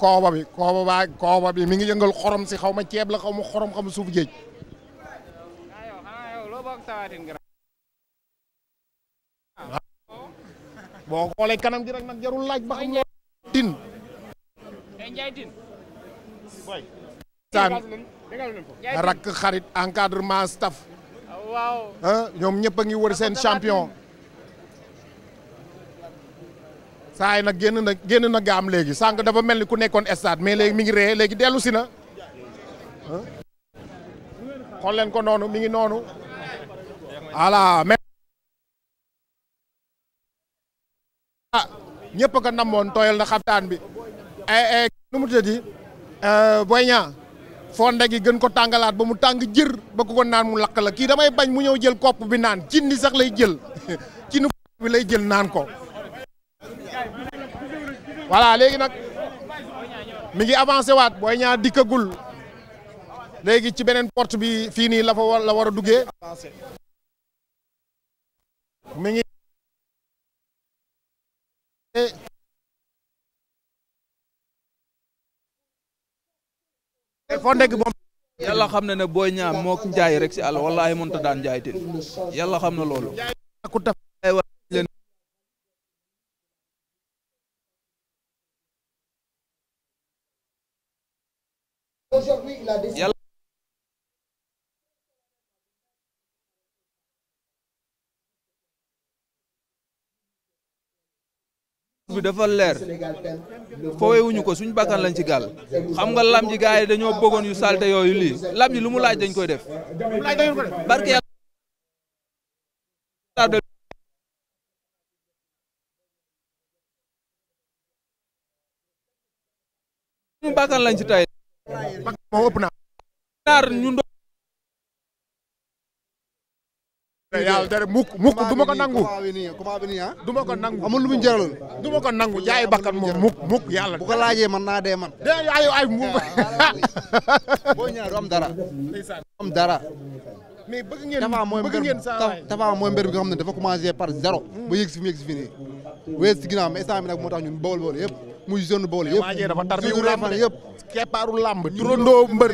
kooba bi kooba baa kooba bi mi ngi yëngal xorom si xaw ma ceeb la xaw ma xorom xaw ma suuf géej boo xoolee kanam gi rek nag jarul laaj ba xam xarit encadrement staff ah ñoom ñëpp a ngi wër seen champion saay nag génn na génn na gaam léegi sànq dafa mel ni ku nekkoon stade mais léegi mi ngi ree léegi dellusi na xool leen ko noonu mi ngi noonu voilà mais ah, ñëpp a ko namoon tooyal na xabtaan bi eh, eh, nu mu tëddi eh, Boy Niang fonde gi gën ko tàngalaat ba mu tàng jër ba ku ko naan mu lakk la kii damay bañ mu ñëw jël kopp bi naan cin ni sax lay jël cinu bi lay jël naan ko voilà léegi nag mi ngi avancé waat booy dikk dikkagul léegi ci beneen porte bi fii nii la fa war la war a duggee mi ngi foo nekk moom yàlla xam ne ne booy ñaa mook njaay rek si àll wallahi mënta daan njaay tin yàlla xam na loolu aujourd'hui il a décidé dafa leer foowewuñu ko suñu bakkan lañ ci gàll xam nga lam ji gars yi dañoo bëggoon yu salte yooyu lii lam ji lu mu laaj dañ koy def barke yàlla suñu bakkan lañ ci tay moo naa. ñu doon. yàlla dara mukk mukk du ma ko nangu. du ko nangu. amul lu mu jëral. du ma nangu jaay bakkan moom mukk yàlla. bu ko laajee man naa dee man. de ay ay mu. boo ñaar du dara. am dara. mais bëgg ngeen bëgg ngeen saa mooy mbër bi xam ne dafa commencé par zéro. Hmm. ba yegg si fi mu yegg si nii. weesu si ginnaaw mais nag moo tax ñun bawol bawol yëpp. muy zone boole yëpp. waaye dafa tar bi wu làmb yëpp. keppaaru làmb. turandoo mbër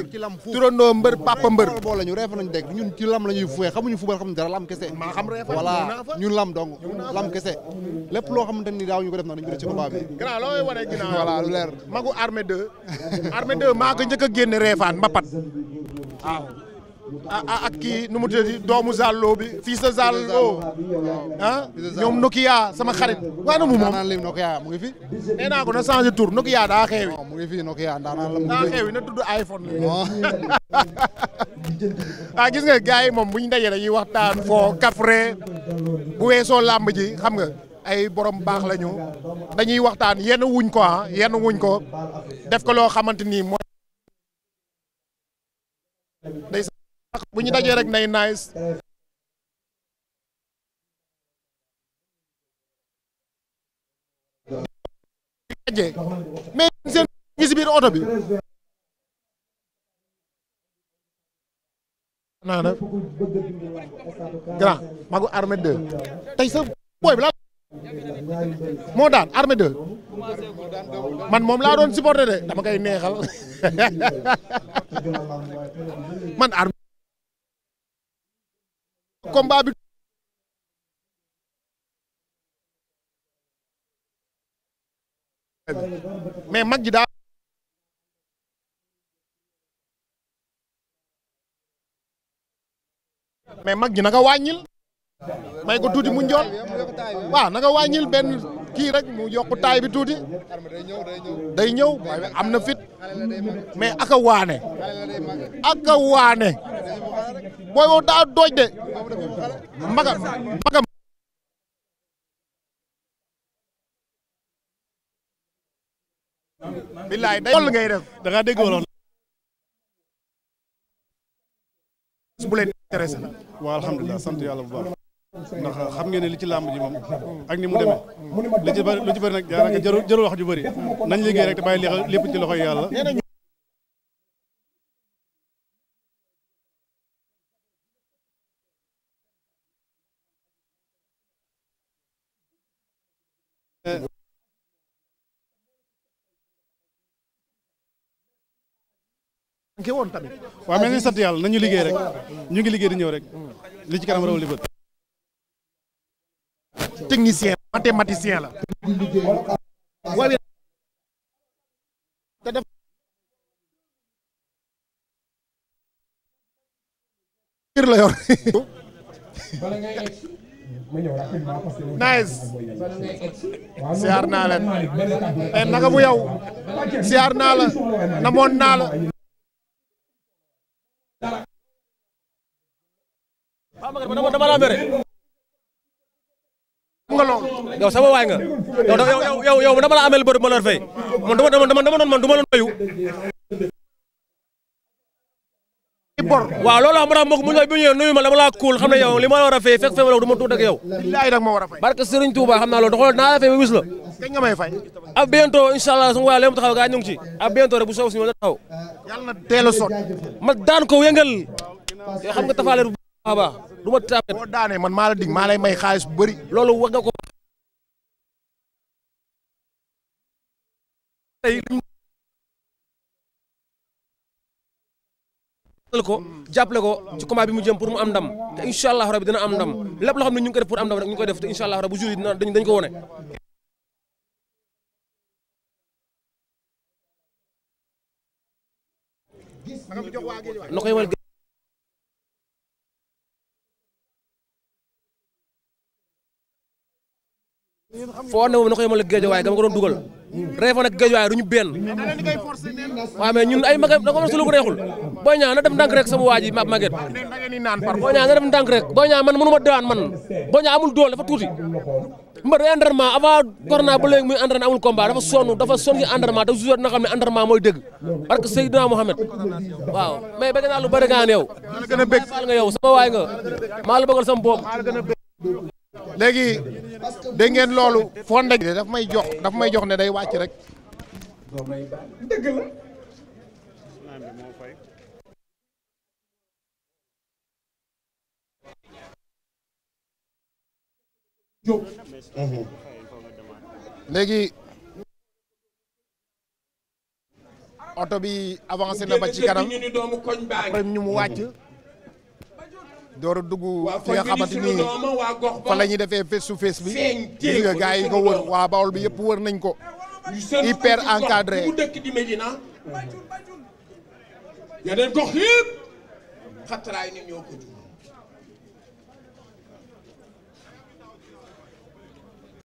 turandoo mbër papa mbër. boole ñu reef nañu dégg ñun ci làmb la ñuy fuwee xamuñu fubal xamuñu dara làmb kese. maa xam ñun làmb dong làmb kese lépp loo xam ni daaw ñu ko def nag dañu ko def ci combat bi. grand looy lu leer. magu armée 2. armée 2 maa ko njëkk a génne reefaan mbapat ah. Ah, ah, ak kii nu mu doomu Zallo bi fii sa Zallo ah ñoom Nokia sama xarit waa na mu moom naan Nokia mu ngi fi nee naa ko na changé tour Nokia daa xeewi oh, Nokia daa xeewi na tudd iPhone oh. la ah gis nga gars yi moom bu ñu dajee la ñuy waxtaan foo kafre bu weesoo làmb ji xam nga ay borom baax la ñu dañuy waxtaan yenn wuñ ko ah yenn wuñ ko def ko loo xamante ni mooy bu ñu dajee rek nay nice mais seen ngi si biir oto bi naa na magu armée 2 tey sa booy bi laa moo daan armée 2 man moom laa doon supporté de dama koy neexal man armée combat bi mais mag ji daa mais mag ji na nga wàññil may ko tuuti mu njool waaw na nga wàññil benn kii rek mu yokk taay bi tuuti day ñëw am na fit mais aka waane aka waane booy boobu daa dooj de maga maga billaay day xool ngay def da dégg woloon leen intéressé la waaw bu baax ndax xam ngeen ne li ci làmb ji moom ak ni mu demee li ci bëri lu ci bëri nag daanaka jarul jarul wax ju bëri nañ liggéey rek te bàyyi lépp ci loxoy yàlla waaw nañu liggéey rek ngi liggéey ñëw rek li ci kanam raw li bët technicien mathématicien la. waaye te def kër la yor. nice. siyaar naa leen. te eh, naka bu yow. siyaar naa la namoon naa la. dama dama laa mere. yow sama waay nga yow yow yow la amel bërëb ma la fay man dama la am na mbokk mu ñëw ma dama laa kuul xam ne yow li ma war a fay fekk fay ma du ma tuut ak yow. billaay nag ma war a fay. barke Serigne Touba xam nga may fay. ab bientôt rek bu soob si ma a sot. ma daan ko yëngal. xam nga tafaale bu baax a baax du ma taabet. boo man maa la dig maa may xaalis bu bëri. loolu wax ko tey jàppale ko jàppale ko ci bi mu jëm pour mu am ndam te incha allah rabi dina am ndam lépp loo xam ne ñu ngi koy def pour am ndam rek ñu koy def te incha allah rabi yi dina dañ ko wone na koy wal na koy yemal géej waaye gama ko doon dugal Réfane ak Guédiawaye du ñu benn waaw mais ñun ay mag da ko war a sulu ko neexul Boy Niang na def ndànk rek sama waa ji Mame Maguette Boy na def ndànk rek Boy Niang man mënu ma daan man Boy Niang amul doole dafa tuuti mba day entraînement avant corona ba muy entraîné amul combat dafa sonn dafa sonn ci entraînement te joueur dina xam ne entraînement mooy dëgg parce que Seydina Mohamed waaw mais bëgg naa lu bëri nga yow. a bëgg nga sama waay nga maa la bëggal sama bopp. léegi dégg ngeen loolu fonde gi daf may jox daf may jox ne day wàcc rek dëgg la léegi oto bi avancé na ba ci kanam après ñu mu wàcc door a dugg fi nga xamante ni ñuy defee face to face bi gis nga gars yi wër waa Bawol bi yëpp wër nañ ko hyper encadré yeneen gox yëpp xatraay ni ñoo